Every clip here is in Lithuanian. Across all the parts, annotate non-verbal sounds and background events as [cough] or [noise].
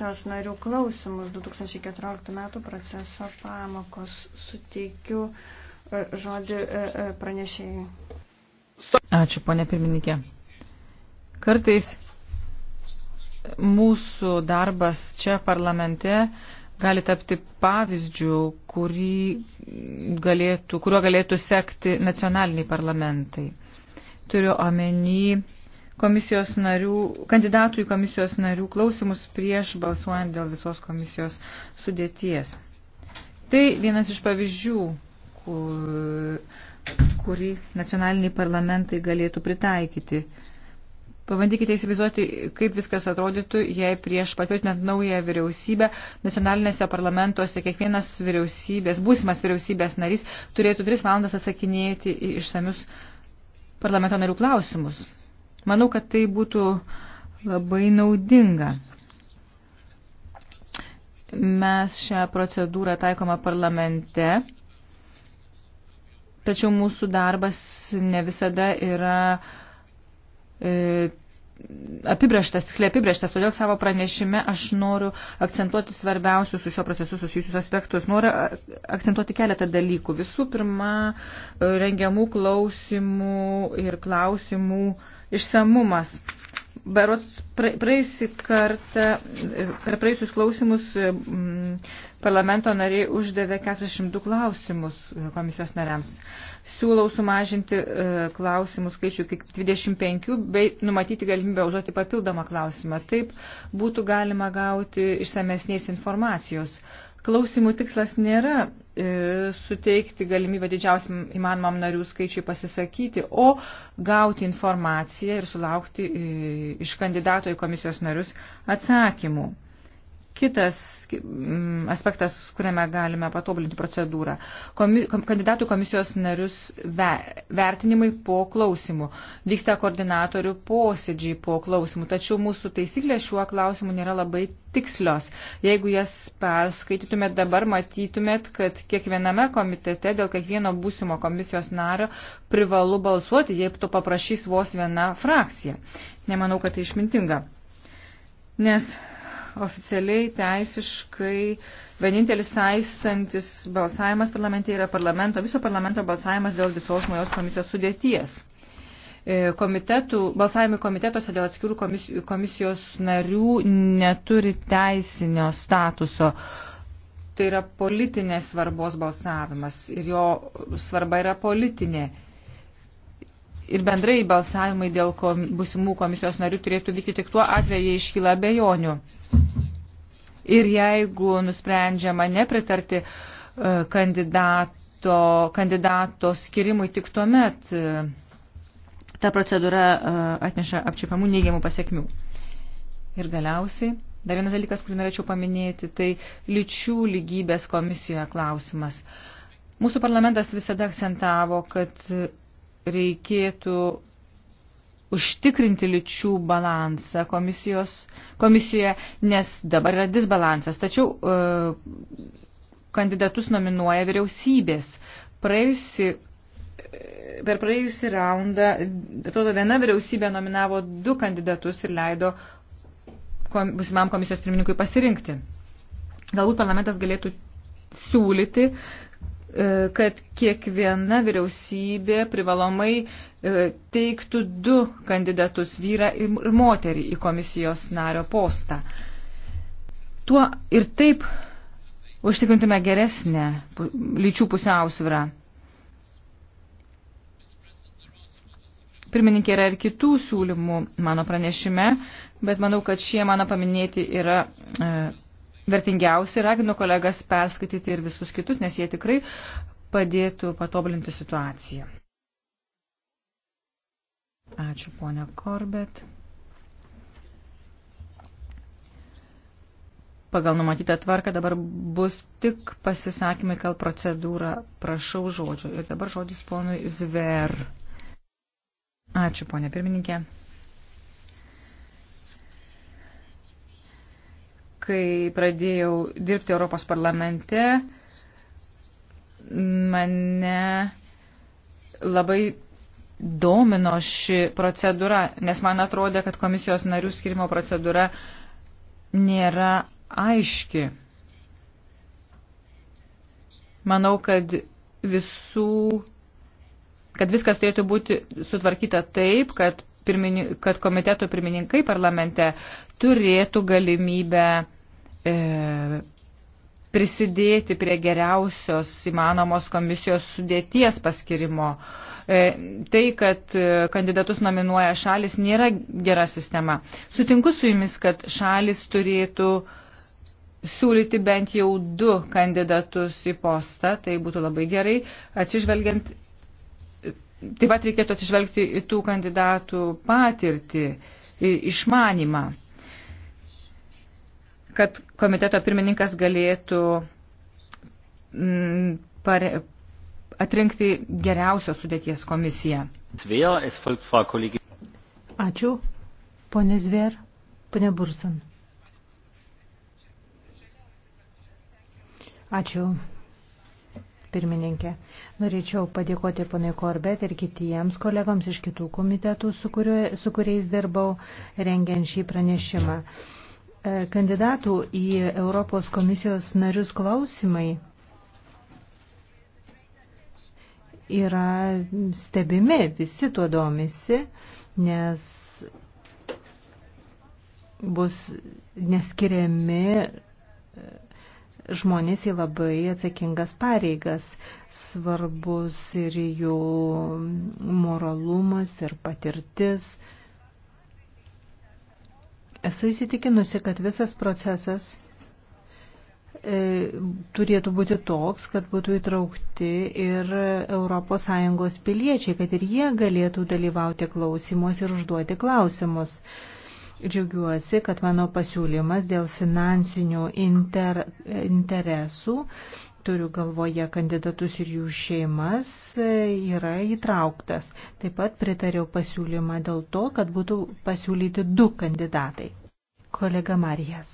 Šios narių klausimus 2014 metų proceso pamokos suteikiu e, žodį e, e, pranešėjai. Ačiū, ponė pirmininkė. Kartais mūsų darbas čia parlamente gali tapti pavyzdžių, galėtų, kuriuo galėtų sekti nacionaliniai parlamentai. Turiu omeny komisijos narių, kandidatų į komisijos narių klausimus prieš balsuojant dėl visos komisijos sudėties. Tai vienas iš pavyzdžių, kur, kurį nacionaliniai parlamentai galėtų pritaikyti. Pabandykite įsivaizduoti, kaip viskas atrodytų, jei prieš patvirtinant naują vyriausybę nacionalinėse parlamentuose kiekvienas vyriausybės, būsimas vyriausybės narys turėtų tris valandas atsakinėti į išsamius parlamento narių klausimus. Manau, kad tai būtų labai naudinga. Mes šią procedūrą taikoma parlamente, tačiau mūsų darbas ne visada yra e, apibrieštas, tiksliai apibrieštas, todėl savo pranešime aš noriu akcentuoti svarbiausius su šio procesu susijusius aspektus. Noriu akcentuoti keletą dalykų. Visų pirma, rengiamų klausimų ir klausimų išsamumas. Berots praeisį kartą, per praeisius klausimus parlamento nariai uždavė 42 klausimus komisijos nariams. Siūlau sumažinti e, klausimų skaičių iki 25 bei numatyti galimybę užduoti papildomą klausimą. Taip būtų galima gauti išsamesnės informacijos. Klausimų tikslas nėra e, suteikti galimybę didžiausiam įmanomam narių skaičiui pasisakyti, o gauti informaciją ir sulaukti e, iš kandidato į komisijos narius atsakymų kitas mm, aspektas, kuriame galime patobulinti procedūrą. Komi, kandidatų komisijos narius ve, vertinimai po klausimų. Vyksta koordinatorių posėdžiai po klausimų, tačiau mūsų taisyklės šiuo klausimu nėra labai tikslios. Jeigu jas perskaitytumėt dabar, matytumėt, kad kiekviename komitete dėl kiekvieno būsimo komisijos nario privalu balsuoti, jei to paprašys vos viena frakcija. Nemanau, kad tai išmintinga. Nes oficialiai teisiškai vienintelis saistantis balsavimas parlamente yra parlamento, viso parlamento balsavimas dėl visos naujos komisijos sudėties. E, komitetų, balsavimai komitetuose dėl atskirų komisijos, komisijos narių neturi teisinio statuso. Tai yra politinės svarbos balsavimas ir jo svarba yra politinė ir bendrai balsavimai dėl kom, busimų komisijos narių turėtų vykti tik tuo atveju, jei iškyla bejonių. Ir jeigu nusprendžiama nepritarti e, kandidato, kandidato skirimui tik tuomet, e, ta procedūra e, atneša apčiapamų neigiamų pasiekmių. Ir galiausiai, dar vienas dalykas, kurį norėčiau paminėti, tai lyčių lygybės komisijoje klausimas. Mūsų parlamentas visada akcentavo, kad reikėtų užtikrinti lyčių balansą komisijos, komisijoje, nes dabar yra disbalansas. Tačiau e, kandidatus nominuoja vyriausybės. Praėjusi, e, per praėjusi raundą, atrodo, viena vyriausybė nominavo du kandidatus ir leido kom, busimam komisijos pirmininkui pasirinkti. Galbūt parlamentas galėtų siūlyti E, kad kiekviena vyriausybė privalomai e, teiktų du kandidatus vyrą ir moterį į komisijos nario postą. Tuo ir taip užtikrintume geresnę lyčių pusiausvyrą. Pirmininkė yra ir kitų siūlymų mano pranešime, bet manau, kad šie mano paminėti yra e, vertingiausi. Raginu kolegas perskaityti ir visus kitus, nes jie tikrai padėtų patobulinti situaciją. Ačiū, ponia Korbet. Pagal numatytą tvarką dabar bus tik pasisakymai, kal procedūra prašau žodžio. Ir dabar žodis ponui Zver. Ačiū, ponia pirmininkė. kai pradėjau dirbti Europos parlamente, mane labai domino ši procedūra, nes man atrodė, kad komisijos narių skirimo procedūra nėra aiški. Manau, kad visų, kad viskas turėtų būti sutvarkyta taip, kad, pirmini, kad komiteto pirmininkai parlamente turėtų galimybę e, prisidėti prie geriausios įmanomos komisijos sudėties paskirimo. E, tai, kad e, kandidatus nominuoja šalis, nėra gera sistema. Sutinku su jumis, kad šalis turėtų siūlyti bent jau du kandidatus į postą, tai būtų labai gerai, atsižvelgiant, taip pat reikėtų atsižvelgti į tų kandidatų patirtį, išmanimą kad komiteto pirmininkas galėtų mm, pare, atrinkti geriausios sudėties komisiją. Ačiū, ponė Zver, ponė Bursan. Ačiū, pirmininkė. Norėčiau padėkoti ponai Korbet ir kitiems kolegams iš kitų komitetų, su, kuriuo, su kuriais dirbau, rengiant šį pranešimą. E, kandidatų į Europos komisijos narius klausimai yra stebimi, visi tuo domisi, nes bus neskiriami e, žmonės į labai atsakingas pareigas. Svarbus ir jų moralumas ir patirtis. Esu įsitikinusi, kad visas procesas e, turėtų būti toks, kad būtų įtraukti ir ES piliečiai, kad ir jie galėtų dalyvauti klausimus ir užduoti klausimus. Džiaugiuosi, kad mano pasiūlymas dėl finansinių inter, interesų turiu galvoje kandidatus ir jų šeimas, e, yra įtrauktas. Taip pat pritariau pasiūlymą dėl to, kad būtų pasiūlyti du kandidatai. Kolega Marijas.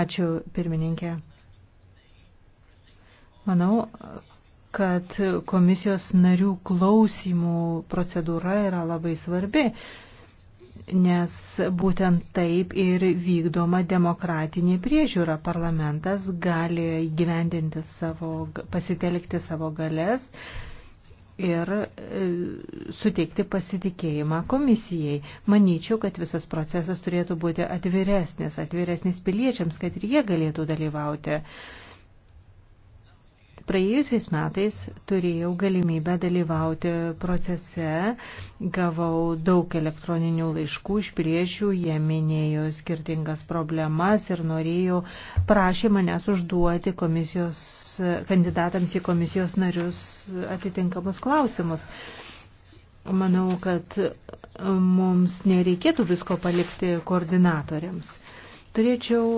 Ačiū, pirmininkė. Manau, kad komisijos narių klausimų procedūra yra labai svarbi nes būtent taip ir vykdoma demokratinė priežiūra. Parlamentas gali gyvendinti savo, pasitelkti savo galės ir e, suteikti pasitikėjimą komisijai. Manyčiau, kad visas procesas turėtų būti atviresnis, atviresnis piliečiams, kad ir jie galėtų dalyvauti. Praėjusiais metais turėjau galimybę dalyvauti procese, gavau daug elektroninių laiškų iš priešių, jie minėjo skirtingas problemas ir norėjau, prašė manęs užduoti komisijos, kandidatams į komisijos narius atitinkamus klausimus. Manau, kad e, mums nereikėtų visko palikti koordinatoriams. Turėčiau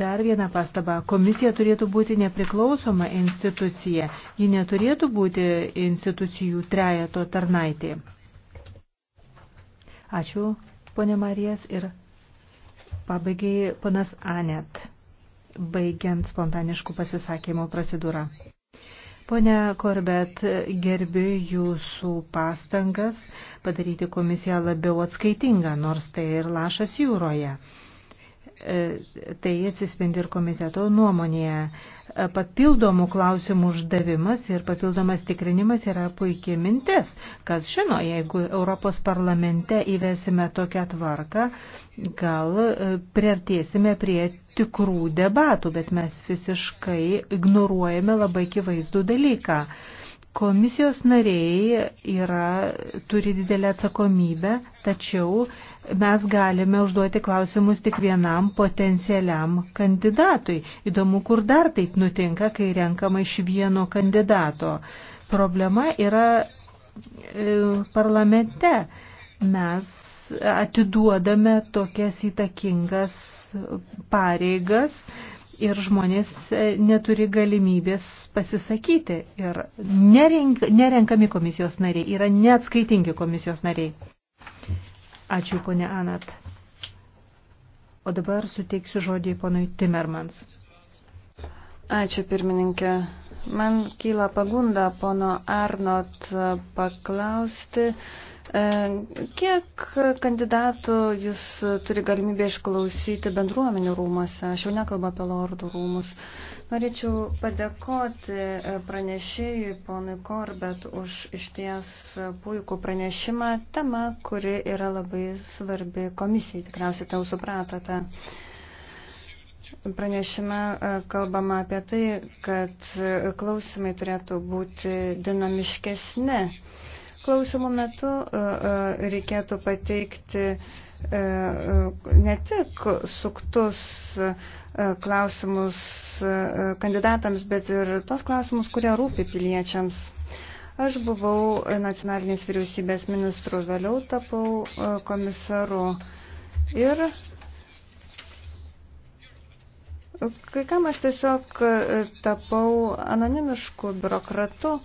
Dar viena pastaba. Komisija turėtų būti nepriklausoma institucija. Ji neturėtų būti institucijų trejato tarnaitė. Ačiū, ponė Marijas. Ir pabaigai ponas Anet, baigiant spontaniškų pasisakymų procedūrą. Pone Korbet, gerbiu jūsų pastangas padaryti komisiją labiau atskaitingą, nors tai ir lašas jūroje. E, tai atsispindi ir komiteto nuomonėje. E, papildomų klausimų uždavimas ir papildomas tikrinimas yra puikiai mintis, kas žino, jeigu Europos parlamente įvesime tokią tvarką, gal e, priartėsime prie tikrų debatų, bet mes visiškai ignoruojame labai kivaizdų dalyką. Komisijos nariai yra, turi didelę atsakomybę, tačiau mes galime užduoti klausimus tik vienam potencialiam kandidatui. Įdomu, kur dar taip nutinka, kai renkama iš vieno kandidato. Problema yra e, parlamente. Mes atiduodame tokias įtakingas pareigas ir žmonės e, neturi galimybės pasisakyti. Ir nerenk, nerenkami komisijos nariai, yra neatskaitingi komisijos nariai. Ačiū, ponė Anat. O dabar suteiksiu žodį ponui Timermans. Ačiū, pirmininkė. Man kyla pagunda pono Arnot paklausti, E, kiek kandidatų jis turi galimybę išklausyti bendruomenių rūmose? Aš jau nekalbu apie lordų rūmus. Norėčiau padėkoti e, pranešėjui ponui Korbet už išties puikų pranešimą. Tema, kuri yra labai svarbi komisijai, tikriausiai tai jau supratote. Pranešime e, kalbama apie tai, kad klausimai turėtų būti dinamiškesni klausimų metu e, e, reikėtų pateikti e, ne tik suktus klausimus kandidatams, bet ir tos klausimus, kurie rūpi piliečiams. Aš buvau nacionalinės vyriausybės ministru, vėliau tapau komisaru ir kai kam aš tiesiog tapau anonimišku biurokratu.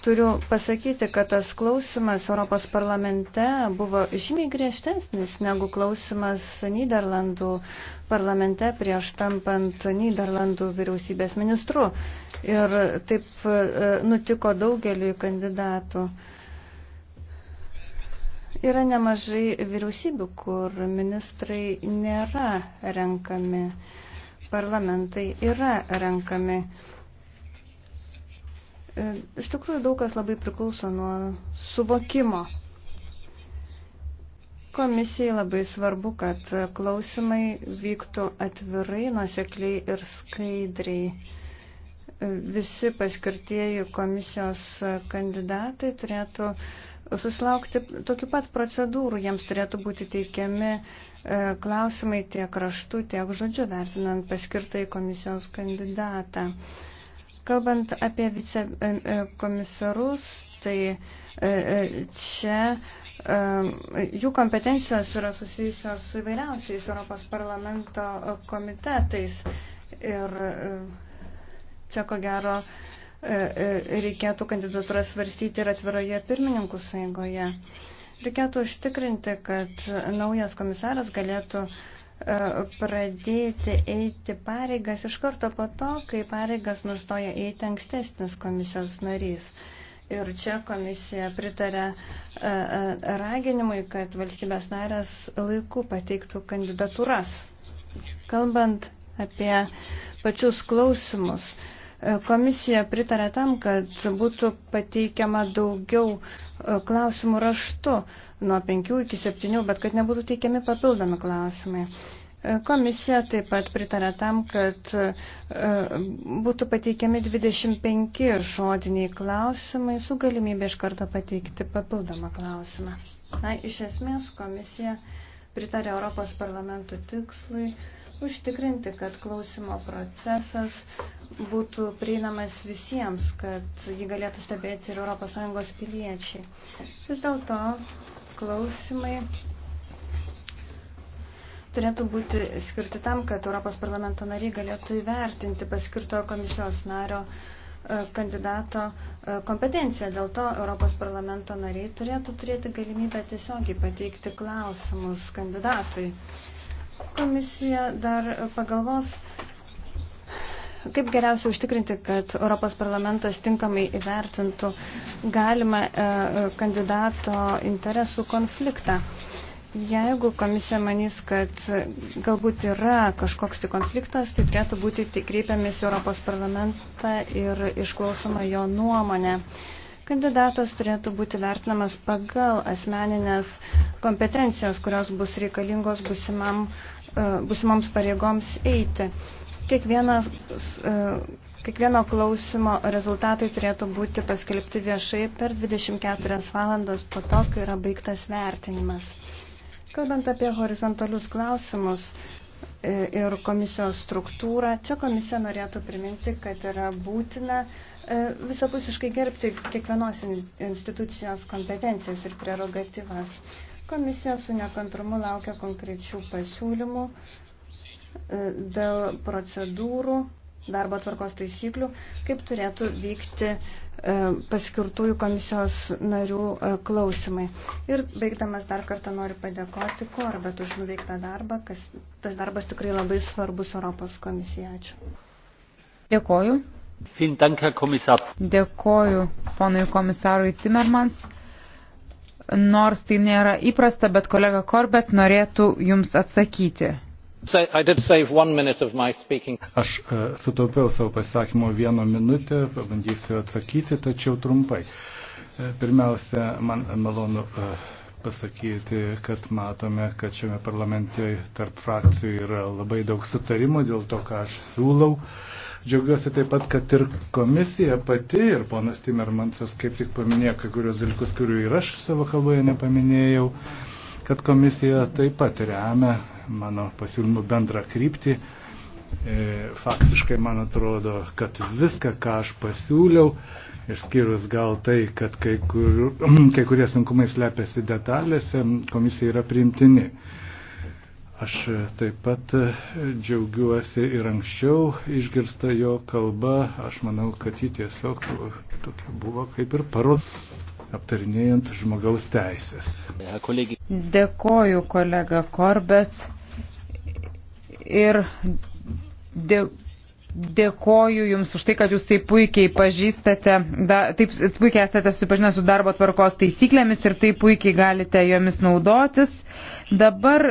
Turiu pasakyti, kad tas klausimas Europos parlamente buvo žymiai griežtesnis negu klausimas Niderlandų parlamente prieš tampant Niderlandų vyriausybės ministru. Ir taip e, nutiko daugeliu kandidatų. Yra nemažai vyriausybių, kur ministrai nėra renkami, parlamentai yra renkami. E, iš tikrųjų daug kas labai priklauso nuo suvokimo. Komisijai labai svarbu, kad klausimai vyktų atvirai, nusekliai ir skaidriai. E, visi paskirtieji komisijos kandidatai turėtų susilaukti tokių pat procedūrų. Jiems turėtų būti teikiami e, klausimai tiek raštu, tiek žodžiu, vertinant paskirtai komisijos kandidatą. Kalbant apie vicekomisarus, e, e, tai e, čia jų kompetencijos yra susijusios su įvairiausiais Europos parlamento komitetais. Ir čia ko gero reikėtų kandidatūrą svarstyti ir atviroje pirmininkų sąjungoje. Reikėtų užtikrinti, kad naujas komisaras galėtų uh, E, pradėti eiti pareigas iš karto po to, kai pareigas nustoja eiti ankstesnis komisijos narys. Ir čia komisija pritarė e, e, raginimui, kad valstybės narės laiku pateiktų kandidatūras. Kalbant apie pačius klausimus, Komisija pritarė tam, kad būtų pateikiama daugiau e, klausimų raštu nuo 5 iki 7, bet kad nebūtų teikiami papildomi klausimai. E, komisija taip pat pritarė tam, kad e, būtų pateikiami 25 žodiniai klausimai su galimybė iš karto pateikti papildomą klausimą. Na, iš esmės komisija pritarė Europos parlamentų tikslui užtikrinti, kad klausimo procesas būtų prieinamas visiems, kad jį galėtų stebėti ir ES piliečiai. Vis dėlto klausimai turėtų būti skirti tam, kad Europos parlamento nariai galėtų įvertinti paskirto komisijos nario e, kandidato e, kompetenciją. Dėl to Europos parlamento nariai turėtų turėti galimybę tiesiogiai pateikti klausimus kandidatui. Komisija dar pagalvos, kaip geriausiai užtikrinti, kad Europos parlamentas tinkamai įvertintų galimą e, kandidato interesų konfliktą. Jeigu komisija manys, kad galbūt yra kažkoks tai konfliktas, tai turėtų būti kreipiamis Europos parlamentą ir išklausoma jo nuomonė. Uh, Kandidatas turėtų būti vertinamas pagal asmeninės kompetencijos, kurios bus reikalingos busimam, e, busimoms pareigoms eiti. Kiekvienas, e, kiekvieno klausimo rezultatai turėtų būti paskelbti viešai per 24 valandas po to, kai yra baigtas vertinimas. Kalbant apie horizontalius klausimus e, ir komisijos struktūrą, čia komisija norėtų priminti, kad yra būtina uh, E, visapusiškai gerbti kiekvienos institucijos kompetencijas ir prerogatyvas. Komisija su nekantrumu laukia konkrečių pasiūlymų e, dėl procedūrų, darbo tvarkos taisyklių, kaip turėtų vykti e, paskirtųjų komisijos narių klausimai. Ir baigdamas dar kartą noriu padėkoti Korbet už nuveiktą darbą, kas, tas darbas tikrai labai svarbus Europos komisija. Ačiū. Dėkoju. Dėkoju ponui komisarui Timmermans. Nors tai nėra įprasta, bet kolega Korbet norėtų jums atsakyti. Aš e, sutaupiau savo pasisakymo vieną minutę, pabandysiu atsakyti, tačiau trumpai. E, pirmiausia, man malonu e, pasakyti, kad matome, kad šiame parlamente tarp frakcijų yra labai daug sutarimo dėl to, ką aš siūlau. Džiaugiuosi taip pat, kad ir komisija pati, ir ponas Timermansas kaip tik paminėjo kai kurios dalykus, kurių ir aš savo kalboje nepaminėjau, kad komisija taip pat remia mano pasiūlymų bendrą kryptį. E, faktiškai man atrodo, kad viską, ką aš pasiūliau, išskyrus gal tai, kad kai, kur, [clears throat] kai kurie sunkumai slepiasi detalėse, komisija yra priimtini. Aš taip pat džiaugiuosi ir anksčiau išgirsta jo kalba. Aš manau, kad ji tiesiog tokia buvo kaip ir parod aptarinėjant žmogaus teisės. Dėkoju kolega Korbet ir dė, dėkoju Jums už tai, kad Jūs taip puikiai pažįstate, da, taip puikiai esate susipažinę su darbo tvarkos taisyklėmis ir taip puikiai galite jomis naudotis. Dabar